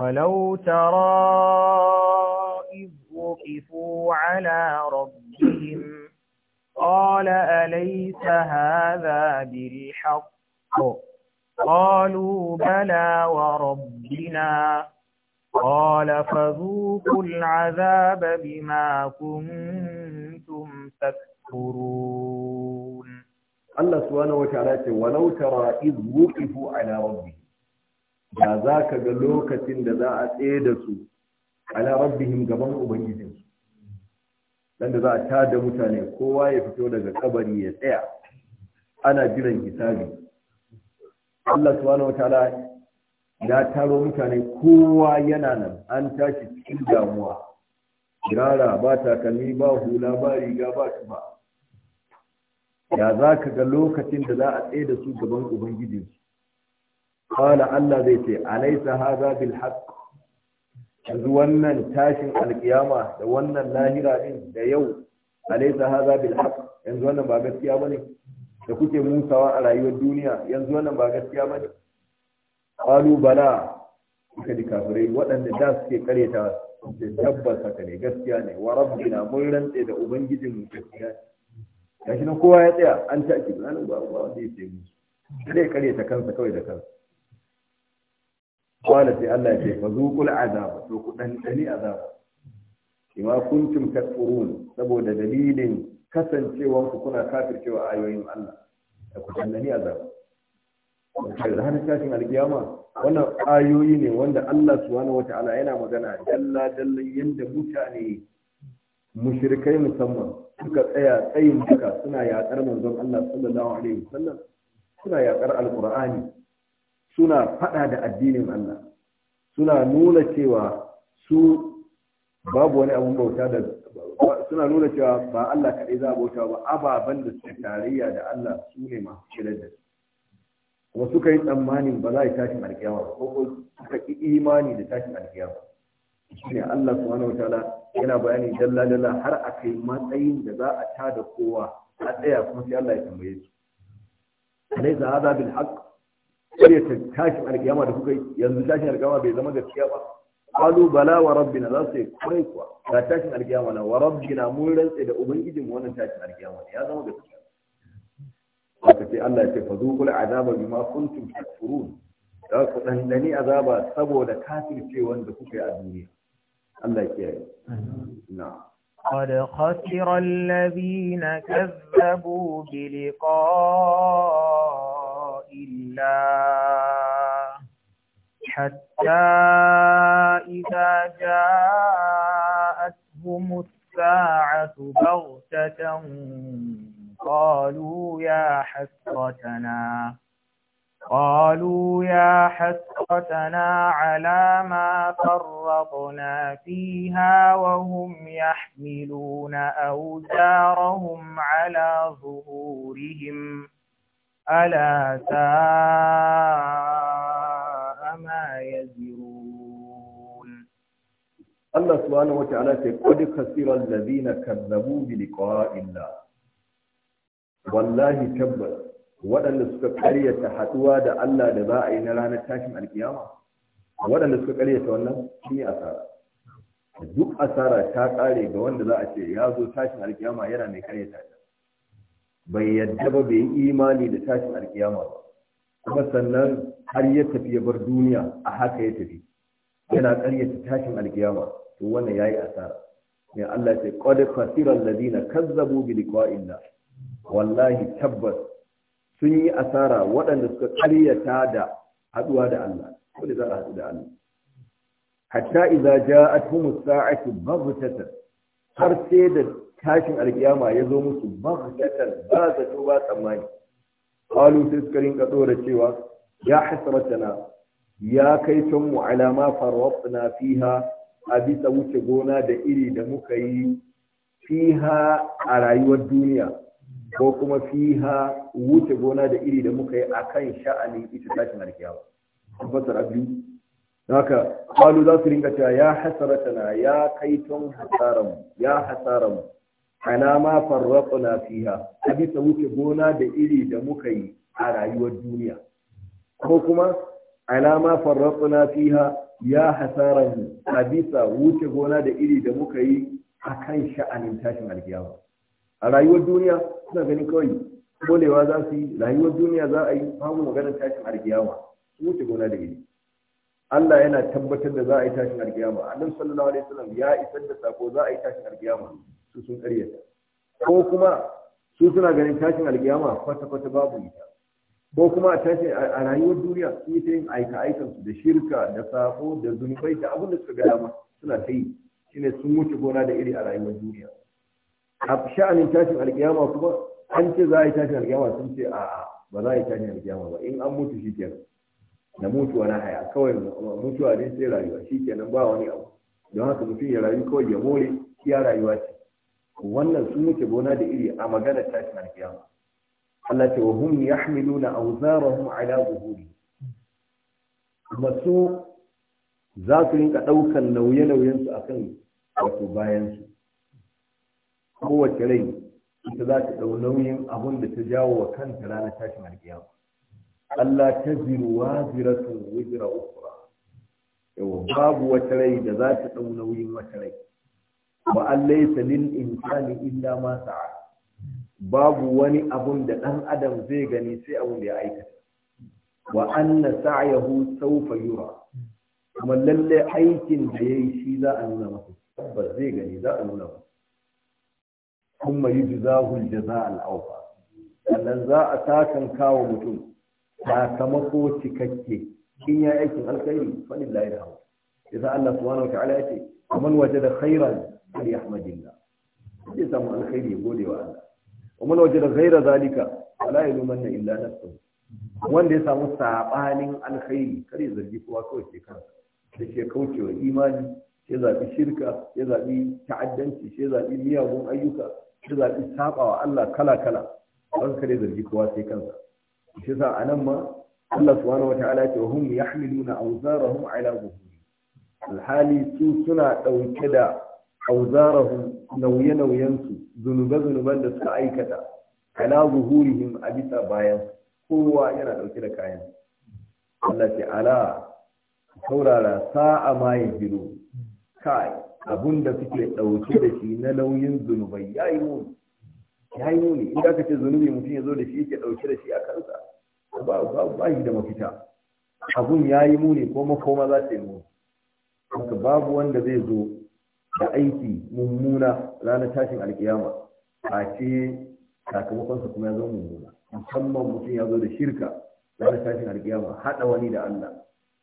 ولو ترى إذ وقفوا على ربهم قال أليس هذا بالحق قالوا بلى وربنا قال فذوقوا العذاب بما كنتم تكفرون الله سبحانه وتعالى ولو ترى إذ وقفوا على ربهم da za ka ga lokacin da za a tsaye da su ala rabbihim gaban ubangijinsu dan da za a tada mutane kowa ya fito daga kabari ya tsaya ana jiran hisabi Allah subhanahu wataala ya taro mutane kowa yana nan an tashi cikin damuwa girara ba takalmi ba hula ba riga ba tuba ya za ka ga lokacin da za a tsaye da su gaban ubangijinsu qala Allah zai ce alaysa hadha bil haqq yanzu wannan tashin alkiyama da wannan lahira din da yau alaysa hadha bil yanzu wannan ba gaskiya bane da kuke musawa a rayuwar duniya yanzu wannan ba gaskiya bane qalu bala kuka di kafirai waɗanda da suke kareta da tabbas haka gaskiya ne wa rabbina mun rantse da ubangijin mu gaskiya gashi nan kowa ya tsaya an ta ki nan ba ba wanda yake mu sai kareta kansa kawai da kansa kwana sai Allah ya ce fa zuqul azab to ku dan dani kima kuntum takfurun saboda dalilin kasancewan ku kuna kafircewa ayoyin Allah ku dan dani sai da hannun tashin alkiyama wannan ayoyi ne wanda Allah subhanahu wata'ala yana magana dalla dalla yanda mutane mushrikai musamman suka tsaya tsayin duka suna yaƙar manzon Allah sallallahu alaihi wasallam suna yaƙar alqur'ani suna fada da addinin Allah suna nuna cewa su babu wani abun bauta da suna nuna cewa ba Allah kaɗai za a bauta ba ababen da suke tarayya da Allah su ne masu shirar da kuma suka yi tsammanin ba za a yi tashin alkiyama ba ko suka ki imani da tashin alkiyama shi ne Allah subhanahu wataala yana bayani dalla dalla har a kai matsayin da za a da kowa a tsaya kuma sai Allah ya tambaye su alaysa hada bil haqq ƙaryata tashin alƙiyama da kuka yi yanzu tashin alƙiyama bai zama gaskiya ba qalu bala wa rabbina za su yi kurai kuwa ga tashin alƙiyama na wa rabbina mun rantse da ubangijin wannan tashin alƙiyama ya zama gaskiya haka sai Allah ya ce fa zuqul azaba bima kuntum takfurun da ku dandani azaba saboda kafircewan da kuka yi a duniya Allah ya kiyaye na'am قد خسر الذين كذبوا بلقاء إلا حتى إذا جاءتهم الساعة بغتة قالوا يا حسرتنا قالوا يا حسرتنا على ما فرطنا فيها وهم يحملون أوزارهم على ظهورهم ألا ساء ما يزرون الله سبحانه وتعالى قد خسر الذين كذبوا بلقاء الله والله تبت waɗanda suka karyata haɗuwa da Allah da za a yi na ranar tashin alkiyama waɗanda suka karyata wannan shi ne asara duk asara ta ƙare ga wanda za a ce ya zo tashin alkiyama yana mai karyata ta bai yadda ba bai imani da tashin alkiyama ba kuma sannan har ya tafi ya bar duniya a haka ya tafi yana karyata tashin alkiyama to wannan yayi asara ne Allah ce qad khasira alladhina kazzabu bi liqa'illah wallahi tabbas sun yi asara waɗanda suka karyata da haduwa da Allah ko da za a haɗu da Allah hatta idza ja'atuhum as-sa'atu baghtatan har sai da tashin alkiyama ya zo musu baghtatan ba za ta ba tsammani qalu sai suka rinka tsora cewa ya hasratana ya kai tun mu alama farwatna fiha a bisa wuce gona da iri da muka yi fiha a rayuwar duniya ko kuma fiha wuce gona da iri da muka yi akan sha'anin ita tashin alkiyama tabbatar biyu haka qalu za su rinka cewa ya hasratana ya kai tun hasaran ya hasaran ana ma na fiha a bisa wuce gona da iri da muka yi a rayuwar duniya ko kuma ana ma na fiha ya hasarahu a bisa wuce gona da iri da muka yi a kan sha'anin tashin alkiyama a rayuwar duniya suna ganin kawai kolewa za su yi rayuwar duniya za a yi babu maganar tashin alkiyama wuce gona da iri Allah yana tabbatar da za a yi tashin alkiyama annabi sallallahu alaihi wasallam ya isar da sako za a yi tashin alkiyama su sun karyata ko kuma su suna ganin tashin alkiyama kwata kwata babu ita ko kuma a tashin a rayuwar duniya su yi ta yin aika aikan su da shirka da sako da zunubai da abin da suka ga dama suna ta yi shine sun wuce gona da iri a rayuwar duniya a sha'anin tashin alkiyama kuma an ce za a yi tashin alkiyama sun ce a'a ba za a yi tashin alkiyama ba in an mutu shi kenan na mutuwa na haya kawai mutuwa ne sai rayuwa shi kenan ba wani abu don haka mutum ya rayu kawai ya more iya rayuwa ce wannan sun wuce gona da iri a magana tashin harfiya Allah ce wa hum yahmiluna awzarahum ala zuhuri kuma su za su rinka ɗaukan nauye-nauyen su akan wato bayan su kowace rai ita za ta ɗau nauyin abun da ta jawo wa kanta ranar tashin alkiyama Allah ta ziru waziratun wujira ukura yau babu wata rai da za ta ɗau nauyin wata rai ba Allah ya lil insani illa ma sa'a babu wani abun da ɗan adam zai gani sai abun da ya aikata wa anna sa'yahu sawfa yura kuma lalle aikin da yayi shi za a nuna masa tabbas zai gani za a nuna masa kuma yujzahu al-jazaa al-awfa sannan za a takan kawo mutum sakamako cikakke in ya aikin alkhairi falillahi alhamd yasa Allah subhanahu wa ta'ala yace man wajada khairan falyahmadillah zai samu alkhairi ya gode wa Allah wa waje da zaira zalika fala na illa na nafsuhu wanda ya samu sabanin alkhairi kare zargi kowa kawai sai kansa sai ya kaucewa imani ya zaɓi shirka ya zaɓi ta'addanci ya zaɓi miyagun ayyuka ya zaɓi wa Allah kala kala don kare zargi kowa sai kansa shi sa a nan ma Allah subhanahu wa ta'ala ce hum yahmiluna awzarahum ala zuhuri alhali su suna dauke da awzarahum nauye nauyen su zunuba zunuban da suka aikata ala zuhurihim a bisa bayan kowa yana dauke da kayan Allah ce ala saurara sa'a ma ya jiro kai abun da suke dauke da shi na nauyin zunubai yayi mu ya yi muni in ka ce zunubi mutum ya zo da shi yake ɗauke da shi a kansa ba ba ba shi da mafita abun ya yi muni ko makoma za ta yi muni haka babu wanda zai zo da aiki mummuna ranar tashin alkiyama a ce sakamakonsa kuma ya zo mummuna musamman mutum ya zo da shirka ranar tashin alkiyama haɗa wani da Allah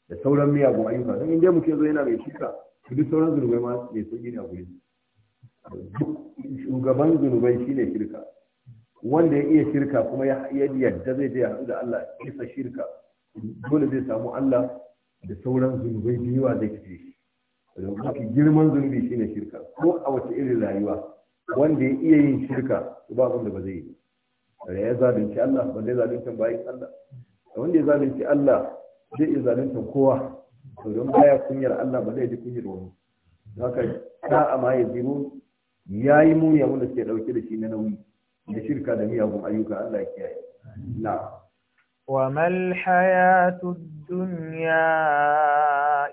da sauran miyagun ayyuka don in dai mutum ya zo yana mai shirka duk sauran zunubai ma mai sauƙi ne a gurin shugaban zunubai shine shirka wanda ya iya shirka kuma ya yadda zai je haɗu da Allah kisa shirka dole zai samu Allah da sauran zunubai biyuwa zai fice shi mafi girman zunubi shine shirka ko a wace irin rayuwa wanda ya iya yin shirka ba abin da ba zai yi da ya zalunci Allah ba zai zalunci bayan Allah wanda ya zalunci Allah zai iya zalunta kowa to don baya kunyar Allah ba zai ji kunyar wani haka ta amma ya ziro ya yi muni abin da suke ɗauke da shi na nauyi da shirka da miyagun ayyuka Allah ya kiyaye na wa mal hayatu dunya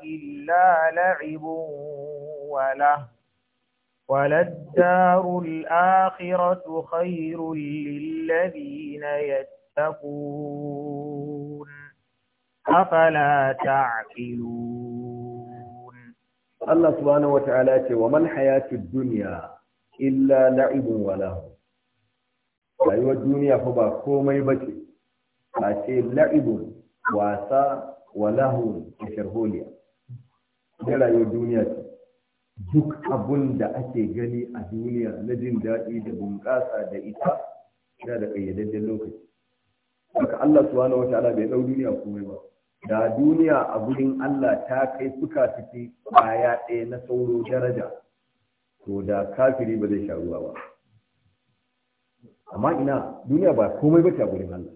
illa la'ibun wala وللدار الآخرة خير للذين يتقون أفلا تعقلون الله سبحانه وتعالى وما الحياة الدنيا illa la'ibun wala rayuwar duniya fa ba komai ba ce a ce la'ibun wasa walahu da sharholiya da rayuwar duniya ce duk abun da ake gani a duniya na jin daɗi da bunƙasa da ita yana da ƙayyadadden lokaci haka Allah subhanahu wa bai dau duniya komai ba da duniya a gurin Allah ta kai suka tafi baya ɗaya na sauro daraja to da kafiri ba zai sha ruwa ba amma ina duniya ba komai ba ta gurin Allah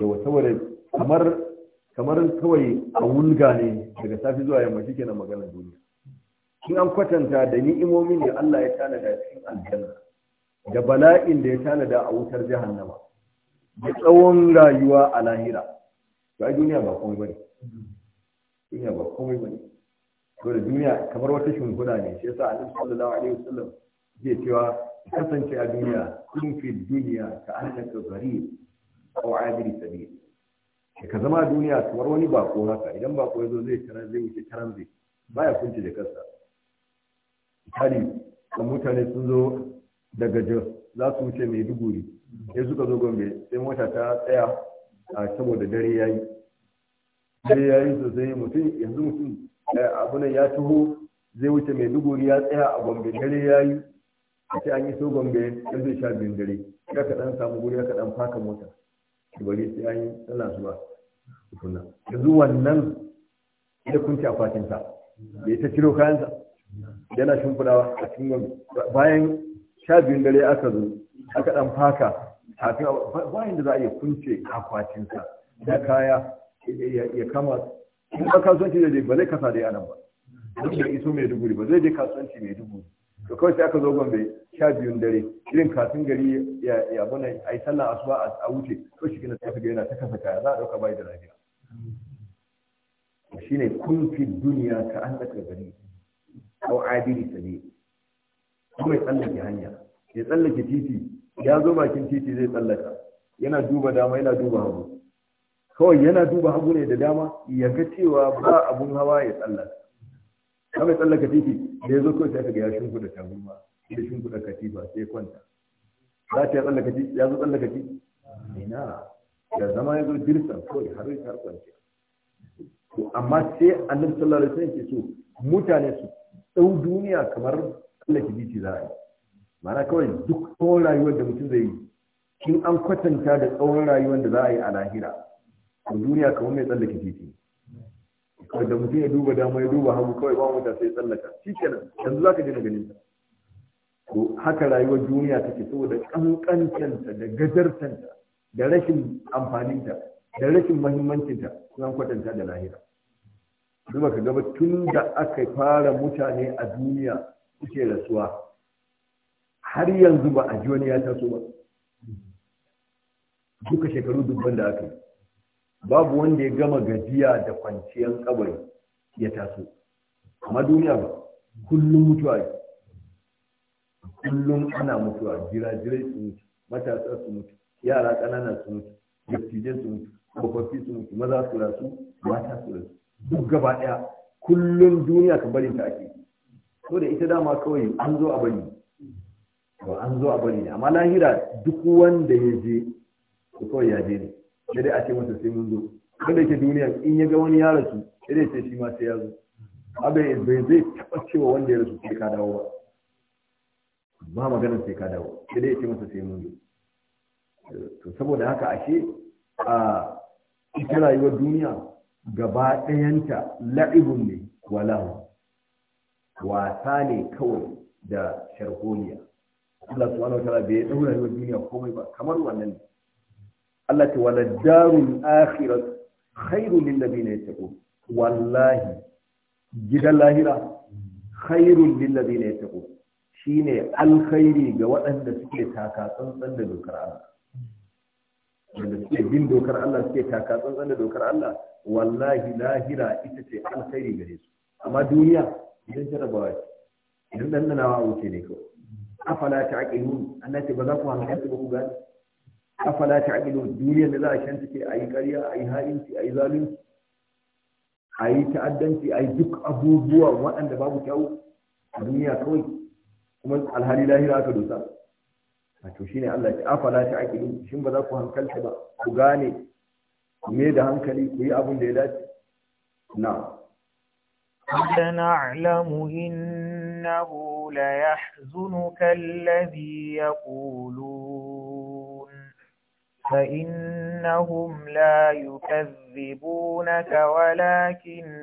da wani kamar kamar kawai a wulga ne daga safi zuwa yamma na maganar duniya in an kwatanta da ni'imomi ne Allah ya tanada cikin aljanna da bala'in da ya tanada a wutar jahannama da tsawon rayuwa a lahira ba duniya ba komai duniya ba komai to duniya kamar wata shimfiɗa ne shi yasa annabi sallallahu alaihi wasallam yake cewa kasance a duniya kun fi duniya ka annaka gari ko adiri sabil ka zama duniya kamar wani bako haka idan bako ya zo zai tara zai wuce taran zai baya kunce da kansa misali da mutane sun zo daga jos za su wuce mai duguri sai suka zo gombe sai mota ta tsaya saboda dare ya yi sai ya yi sosai mutum yanzu mutum eh, abu ya taho zai wuce mai duguri ya tsaya a gombe dare ya yi a ce an yi so gombe ya zai sha biyun dare ya ka samu guri ya ka faka mota bari sai an yi tsala zuwa tukuna yanzu wannan ya kunce akwatinsa da ya ta ciro kayansa yana shimfidawa a cikin gombe bayan sha biyun dare aka zo aka ɗan faka kafin bayan da za a iya kunce akwatinsa da kaya ya kama in ka kasuwanci da ba zai kasa da yanan ba duk da iso mai duguri ba zai je kasuwanci mai dubu to kawai sai aka zo gombe sha biyun dare irin kafin gari ya bane a yi sallah asuba a wuce to shi gina tafi ga yana ta kasa kaya za a ɗauka bai da lafiya shi ne kunfi duniya ka annaka gari ko adili sani. kuma ya tsallake hanya ya tsallake titi ya zo bakin titi zai tsallaka yana duba dama yana duba hagu kawai yana duba hagu ne da dama ya ga cewa ba abun hawa ya tsallaka ka mai tsallaka titi da ya zo kawai sai ka ga ya shimfiɗa ba da shimfiɗa katifa sai kwanta za ta tsallaka titi ya zo tsallaka titi ina ya zama ya zo dirsan kawai har yi har kwanci to amma sai annabi sallallahu alaihi wasallam ke so mutane su ɗau duniya kamar tsallake titi za a yi ma'ana kawai duk tsawon rayuwar da mutum zai yi kin an kwatanta da tsawon rayuwar da za a yi a lahira duniya kamar mai tsallake titi kawai da mutum ya duba dama ya duba hagu kawai ba mota sai tsallaka shi kenan yanzu za ka daina ganin ta to haka rayuwar duniya take saboda kankancinta da gajartanta da rashin amfaninta da rashin mahimmancinta sun kwatanta da lahira duba ka gaba tun da aka fara mutane a duniya suke rasuwa har yanzu ba a ji wani ya taso ba duka shekaru dubban da aka yi babu wanda ya gama gajiya da kwanciyar kabari ya taso amma duniya ba kullum mutuwa kullum ana mutuwa jirajirai su mutu matasa su mutu yara kanana su mutu dattijai su mutu tsofaffi su mutu maza su rasu mata su rasu duk gaba ɗaya kullum duniya ka bari ta ake so da ita dama kawai an zo a bari to an zo a bari ne amma lahira duk wanda ya je kawai ya je ne sai dai a ce masa sai mun zo wanda yake duniya in ya ga wani ya rasu sai dai ce shi ma sai ya zo abin zai taɓa cewa wanda ya rasu sai ka dawo ba ba magana sai ka dawo sai dai ya ce masa sai mun zo to saboda haka ashe a cikin rayuwar duniya gaba ɗayanta la'ibun ne walahu wasa ne kawai da sharholiya Allah subhanahu wa ta'ala bai daura rayuwar duniya komai ba kamar wannan ne Allah Ta wala darul akhirat khairu lil ladina yattaqun wallahi gidan lahira khairun lil ladina yattaqun shine alkhairi ga waɗanda suke taka tsantsan da dokar Allah wanda suke bin dokar Allah suke taka tsantsan da dokar Allah wallahi lahira ita ce alkhairi gare su amma duniya idan ta jarabawa ce idan dandanawa wuce ne kawai afala ta aqilun annati ba za ku hankalta ba ku gani afala ta'qilun duniyar da za a shan shanta ke ayi ƙarya ayi ha'inci ayi zalunci yi ta'addanci a yi duk abubuwa waɗanda babu kyau a duniya kawai kuma alhali lahira aka dosa wato shine Allah ya afala ta'qilun shin ba za ku hankalta ba ku gane me da hankali ku yi abin da ya dace na سنعلم إنه ليحزنك الذي يقولون فإنهم لا يكذبونك ولكن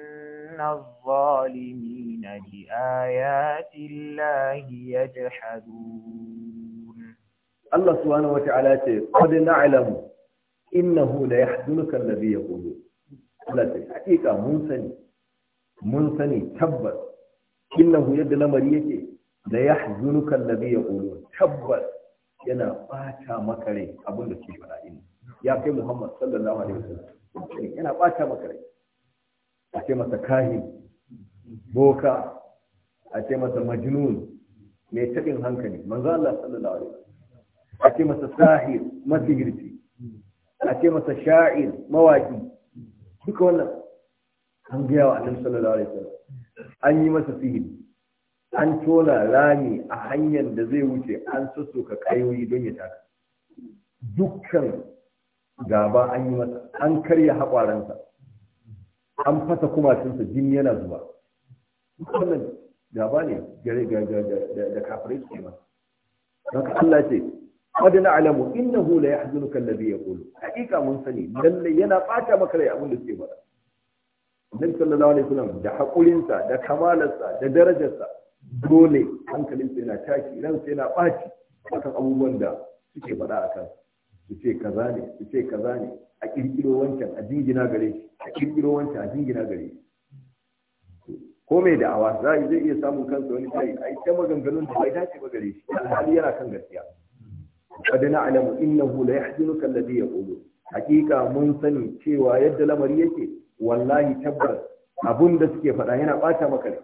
الظالمين بآيات الله يجحدون الله سبحانه وتعالى قد نعلم إنه ليحزنك الذي يقول الله حقيقة من سني من سني تبت إنه يد لمريك ليحزنك الذي يقول تبت yana bata maka rai abin da ke fara in ya kai Muhammad sallallahu alaihi wasallam yana bata maka rai a ce masa kahin boka a ce masa majnun mai tabin hankali manzo Allah sallallahu alaihi wasallam a ce masa sahir masihirci a ce masa sha'ir mawaki duka wannan an biya wa annabi sallallahu alaihi wasallam an yi masa sihiri an tona rami a hanyar da zai wuce an ka kayoyi don ya taka dukkan gaba an yi masa an karya haƙwaransa an fasa kumatinsa jini yana zuba wannan gaba ne da kafirai suke ba. don Allah ce wadda na alamu hula ya la kallabi ya kulu hakika mun sani lalle yana ɓata maka rai abin da suke faɗa Annabi sallallahu alaihi wasallam da haƙurinsa, da kamalarsa da darajarsa dole hankalin sai na tashi ran sai na ɓaci akan abubuwan da suke faɗa a kan su ce kaza ne su ce kaza ne a ƙirƙiro wancan a jingina gare shi a ƙirƙiro wancan a jingina gare shi ko mai da'awa za a zai iya samun kansa wani tayi a ita maganganun da bai dace ba gare shi alhali yana kan gaskiya qad na'lamu innahu la yahzunuka alladhi yaqulu hakika mun sani cewa yadda lamari yake wallahi tabbas abin da suke faɗa yana ɓata maka rai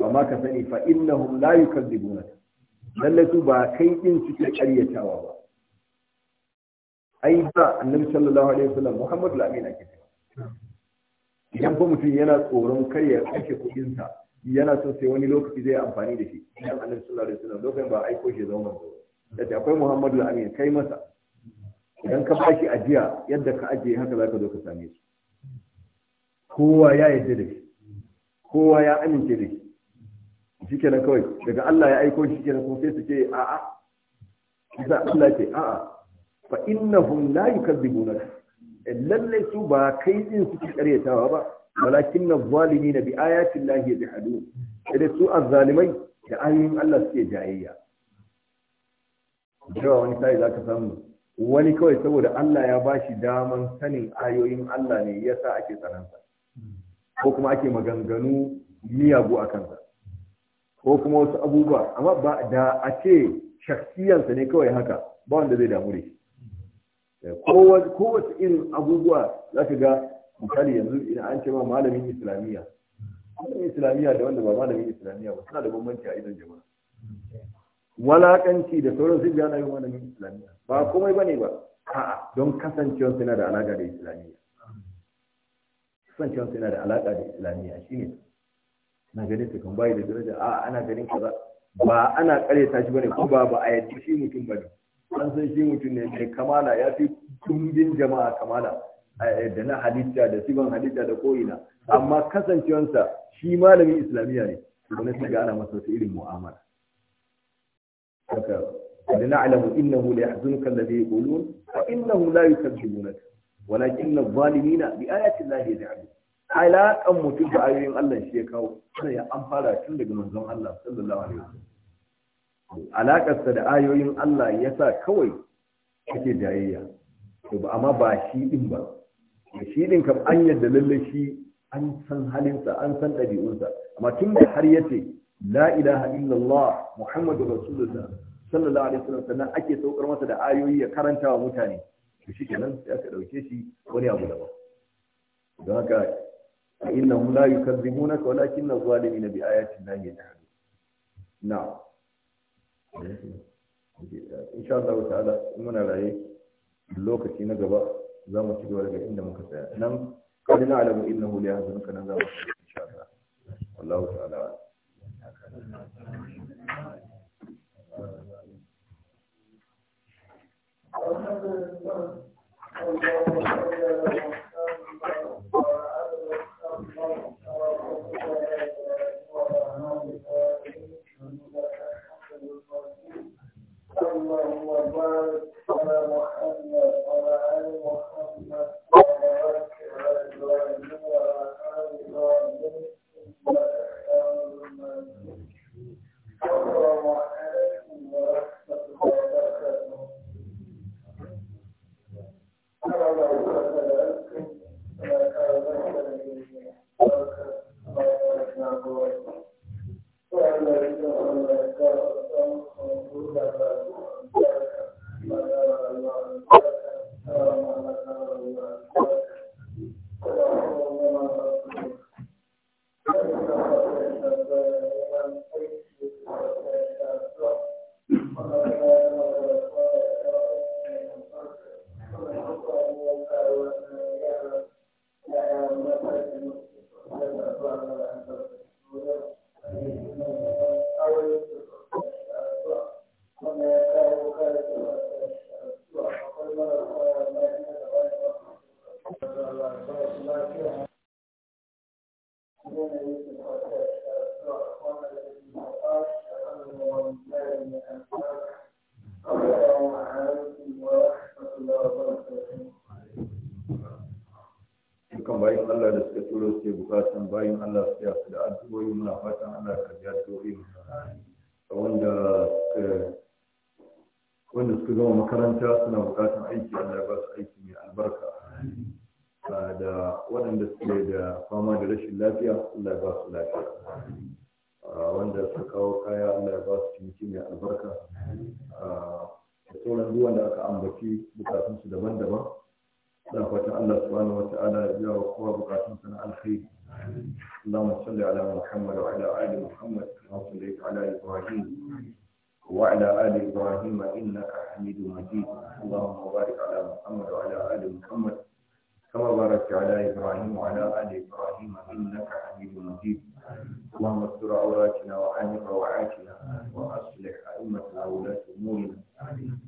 amma ka sani fa innahum la yukadzibuna lalle su ba kai din suke karyatawa ba ai ba annabi sallallahu alaihi wasallam muhammadu al-amin ake idan fa mutum yana tsoron kai ya kashe kuɗin sa yana son sai wani lokaci zai amfani da shi idan annabi sallallahu alaihi wasallam lokacin ba aiko shi zama ba. da ta akwai muhammadu al-amin kai masa idan ka bashi ajiya yadda ka ajiye haka zaka zo ka same shi kowa ya yarda da shi kowa ya amince da shi shikenan kawai daga Allah ya aiko shi kenan kuma sai su ce a'a isa Allah ce a'a fa innahum la yukadzibunaka eh, lalle su ba kai din suke karyatawa ba walakin na bi ayati ya yajhadun idan su azzalimai da ayoyin Allah suke jayayya Jawa wani sai zaka samu wani kawai saboda Allah ya bashi daman sanin ayoyin Allah ne yasa ake tsanansa ko kuma ake maganganu miyagu a kansa ko kuma wasu abubuwa amma ba da a ce shaksiyansa ne kawai haka ba wanda zai damu ne. ko kowace irin abubuwa za ka ga misali yanzu idan an ce ma malamin islamiyya malamin islamiyya da wanda ba malamin islamiyya ba suna da bambanci a idon jama'a walakanci da sauran su na yi malamin islamiyya ba komai bane ba a'a don kasancewar suna da alaka da islamiyya kasancewar suna da alaka da islamiyya shine na ganin ka kan bayi da daraja a ana ganin kaza ba ana kare ta shi bane ko ba ba a yadda shi mutum bane an san shi mutum ne mai kamala ya fi kungin jama'a kamala da na halitta da siban halitta da koyina. amma kasancewansa shi malamin islamiyya ne wani sai ga ana masa wata irin mu'amala Da na haka da na'lamu innahu la yahzunuka alladhi yaqulun fa innahu la yukazzibunaka walakinna adh-dhalimina bi ayati llahi yaj'alun alaƙan mutum da ayoyin Allah shi ya kawo sai ya an fara tun daga manzon Allah sallallahu alaihi wasallam alaƙarsa da ayoyin Allah ya sa kawai kake jayayya to ba amma ba shi din ba shi din kam an yadda lalle shi an san halinsa an san ɗabi'unsa amma tun da har ce, la ilaha illallah muhammadu rasulullah sallallahu alaihi wasallam sannan ake saukar masa da ayoyi ya karanta wa mutane to shi kenan sai aka dauke shi wani abu daban don haka fa innahum la yukadzibunaka walakin adh-dhalimina bi ayati llahi yajhadun na'am insha Allah ta'ala muna raye lokaci na gaba za mu ci gaba daga inda muka tsaya nan kada na alamu innahu la yahzunuka nan za mu insha Allah wallahu ta'ala Thank you. اللهم بارك على محمد وعلى subhanahu wa ta'ala ya biya wa kowa bukatun sana alkhairi Allah mu salli ala Muhammad wa ala ali Muhammad kama salli ala Ibrahim wa ala ali Ibrahim innaka Hamidu Majid Allahumma barik ala Muhammad wa ala ali Muhammad kama barakta ala Ibrahim wa ala ali Ibrahim innaka Hamidu Majid اللهم استر عوراتنا وعن روعاتنا واصلح ائمتنا وولاه امورنا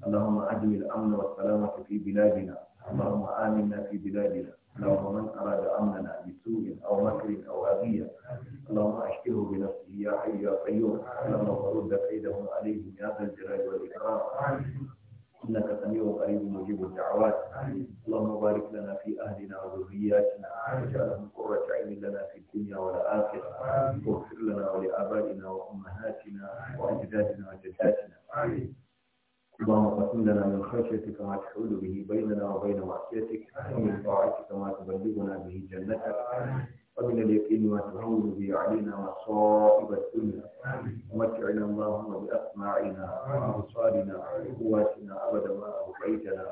اللهم اجمل الامن والسلامه في بلادنا اللهم آمنا في بلادنا اللهم من أراد أمننا بسوء أو مكر أو أذية اللهم أشكره بنفسه يا حي يا قيوم اللهم فرد كيده عليهم يا ذا الجلال والإكرام إنك سميع قريب مجيب الدعوات اللهم بارك لنا في أهلنا وذرياتنا واجعلهم قرة عين لنا في الدنيا والآخرة واغفر لنا ولآبائنا وأمهاتنا وأجدادنا وجداتنا اللهم قسم لنا من خشيتك ما تحول به بيننا وبين معصيتك ومن طاعتك ما تبلغنا به جنتك ومن اليقين ما تهون به علينا مصائب الدنيا ومتعنا اللهم باسماعنا وابصارنا وقواتنا ابدا ما ابقيتنا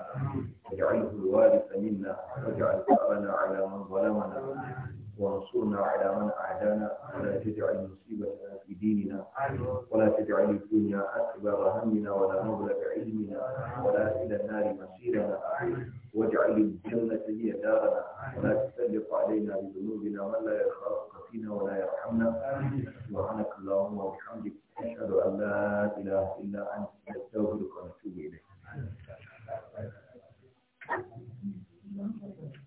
واجعله الوارث منا واجعل ثارنا على من ظلمنا وانصرنا على من أعدانا ولا تجعل مصيبتنا في ديننا ولا تجعل الدنيا أكبر همنا ولا مبلغ علمنا ولا إلى النار مسيرنا واجعل الجنة هي دارنا ولا تسلط علينا بذنوبنا من لا يخافك فينا ولا يرحمنا سبحانك اللهم وبحمدك أشهد أن لا إله إلا أنت نستغفرك ونتوب إليك Thank you.